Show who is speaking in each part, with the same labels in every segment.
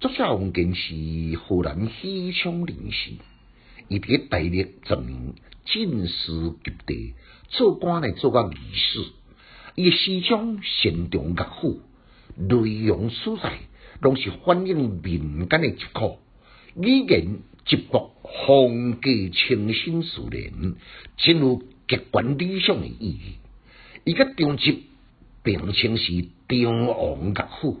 Speaker 1: 作者王建是河南許昌人氏，伊佇咧大曆十年進士及第，做官來做個御史。伊嘅詩章擅長樂府，內容素材攏是反映民間嘅疾苦，語言質樸，風格清新自然，具有極高理想嘅意義。伊甲張藉並稱是“張王樂府”。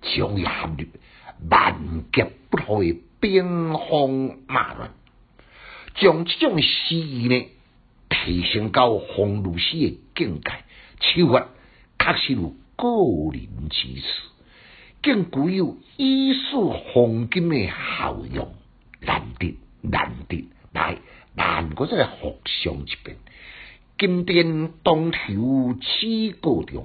Speaker 1: 將也萬劫不復的兵荒馬亂，將即種詩意呢，提升到諷諭詩的境界，手法確實有過人之處，更具有以史諷今的效用。難得難得。來，難嗰再系學上一遍，金殿當頭紫閣重。